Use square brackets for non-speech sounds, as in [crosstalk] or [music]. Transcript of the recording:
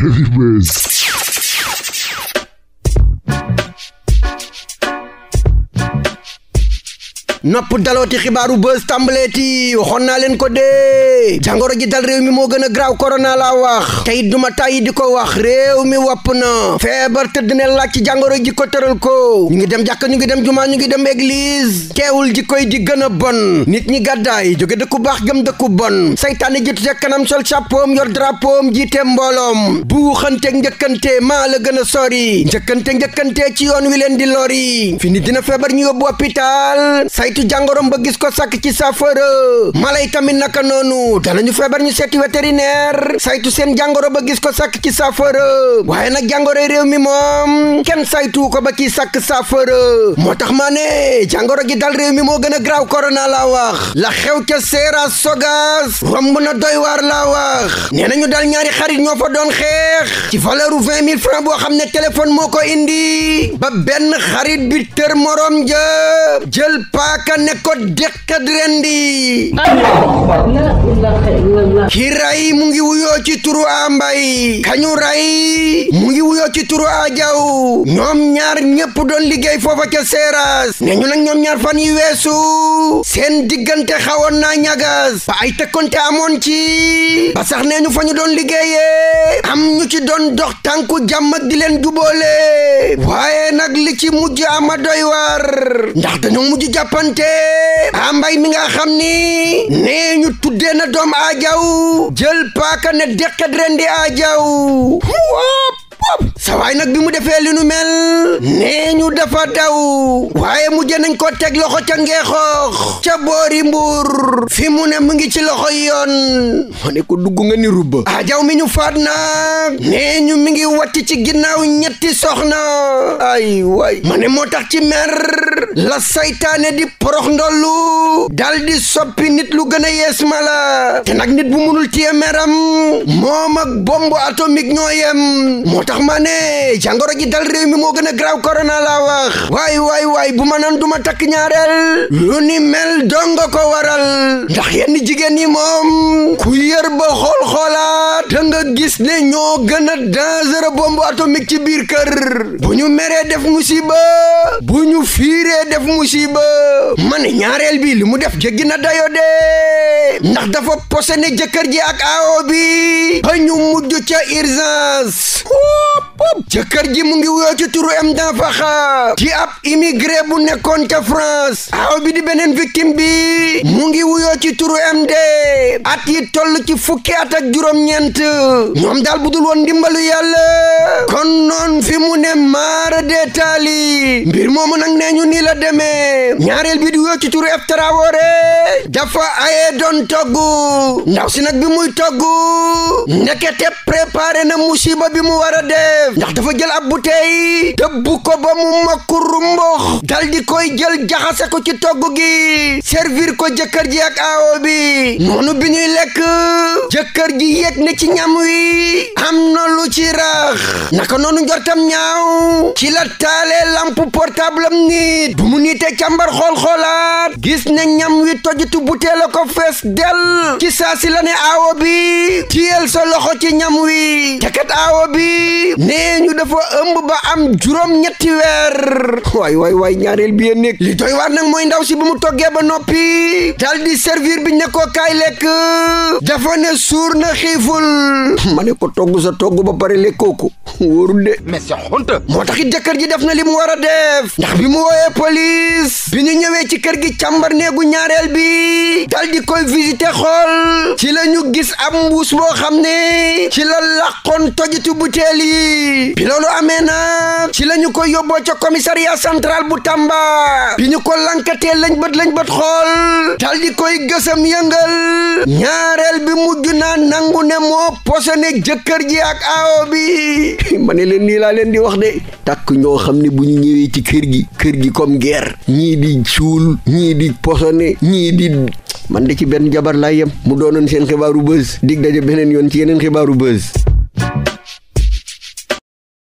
Heavyweight nopp dalooti xibaaru bës tàmbaleeti waxoon naa leen ko dee jàngoro ji dal réew mi moo gën a graaw korona laa wax tey duma tàyyi di ko wax réew mi wopp na feebar tëdd ne laaj ci jàngoro ji ko tëral ko ñu ngi dem jàkk ñu ngi dem jumaa ñu ngi dem église teewul ji koy di gën a bon nit ñi gàddaay jóge dëkku baax jëm dëkku bon saytaane jiitu ca kanam sol chapeau yor drapeau jiite mbooloom buuxanteeg njëkkante maa la gën a sori njëkkante njëkkante ci yoon wi leen di lori fi dina feebar ñu yóbbu hôpital saytu jàngorom ba gis ko sàkk ci saafara mala yi tamit naka noonu danañu feebar ñu seeti vétérinaire saytu seen jàngoro ba gis ko sàkk ci saafara waaye na jàngoroy réew mi moom kenn saytu ko ba kii sàkk saafara moo tax maa ne jàngoro gi dal réew mi moo gën a graaw korona laa wax la xew ca seera sogas romb na doy waar laa wax nee nañu dal ñaari xarit ñoo fa doon xeex ci valeur vingt mille francs boo xam ne téléphone moo ko indi ba benn xarit bi tër ka ne ko dëqat rendi ki ray mu ngi wuyoo ci turu ambay kañu ray mu ngi wuyoo ci turu ajaw ñoom ñaar ñépp doon liggéey foofa ca seeras ne ñu nag ñoom ñaar fan yi weesu seen diggante xawoon naa ñagas ba ay tëkkonte amoon ci ba sax ne ñu doon liggéeyee doon dox tànku jàmm ak di leen jubóole waaye nag li ci mujj ama doy war ndax dañoo mujj jàppante ambay mi nga xam ni nee ñu tuddee na doom aajaw jël paaka ne deqet ren di aajaw boobu sawaay nag bi mu defee li nu mel nee ñu dafa daw waaye mujj nañ ko teg loxo ca ngeexoox ca boori mbuur fi mu ne mu ngi ci loxo yoon ma ne ko dugg nga ni rubba ajaw mi ñu faat nag nee ñu mi ngi wàcc ci ginnaaw ñetti soxna ay waay ma ne moo tax ci mer la saytaane di porox ndollu dal soppi nit lu gën a yees ma te nag nit bu munul téye meram moom ak bombe atomique ñoo yem moo tax ma ne jàngoro ji dal réew mi moo gën a graw korona laa wax waay waay waay bu ma nan duma takk ñaareel lu ni mel donga ko waral ndax yenn jigéen yi moom ku yër ba xool xalaat gis ne ñoo gën a dangereux bombe atomique ci biir kër bu ñu meree def musiba bu ñu fiiree def musiba ma ñaareel bi li mu def jéggi na dayo de ndax dafa posene jëkkër ji ak aawo bi ba mujj ca urgence bopp jëkkër ji mu ngi wuyoo ci turu M Dan Fakha ci ab immigré bu nekkoon ca France aw bi di beneen victime bi mu ngi wuyoo ci turu MD at yi toll ci fukki at ak juróom-ñeent ñoom daal bu dul woon ndimbalu yàlla kon noon fi mu ne maara deetaali mbir moomu nag nee ñu nii la demee ñaareel bi di wuyoo ci turu F dafa aye doon togg ndaw si nag bi muy togg ndekete préparé na musiba bi mu war a def ndax dafa jël ab bouteille dëbb ko ba mu makkuru mbox dal di koy jël jaxase ko ci togg gi servir ko jëkkër ji ak aawo bi noonu bi ñuy lekk jëkkër ji yëg ne ci ñam wi am na lu ci rax naka noonu njortam ñaaw ci la taalee portable am nit bu mu nitee càmbar xool xoolaat gis ne ñam wi toj paquetu butéel a ko fees del ci saa si la ne aawo bi tiyel sa loxo ci ñam wi te kat aawo bi nee ñu dafa ëmb ba am juróom-ñetti weer waay waay waay ñaareel bi yéen nekk li doy waar nag mooy ndaw si bu mu toggee ba noppi dal di bi ne ko kaay lekk dafa ne suur na xiiful [laughs] ma ne ko togg sa togg ba pare lekkoo ko [laughs] wóorul de mais sa xonta moo tax it jëkkër ji def na li mu war a def ndax bi mu wooyee police bi ñu ñëwee ci kër gi càmbar neegu ñaareel bi dal di koy visiter xool ci la ñu gis am mbuus boo xam ne ci la làqoon tojitu butéel yi bi loolu amee na ci la ñu koy yóbboo ca commissariat central bu Tamba bi ñu ko lankatee lañ bët lañ bët xool dal di koy gësam yëngal ñaareel bi mujj naa nangu ne moo posone jëkkër ji ak aawo bi [laughs] ma ne leen nii laa leen di wax de tàkk ñoo xam ne bu ñu ñëwee ci kër gi kër gi comme guerre ñii di suul ñii di posone ñii di man di ci benn jabar laa yem mu doonoon seen xibaaru buzz dig daje beneen yoon ci yeneen xibaaru buzz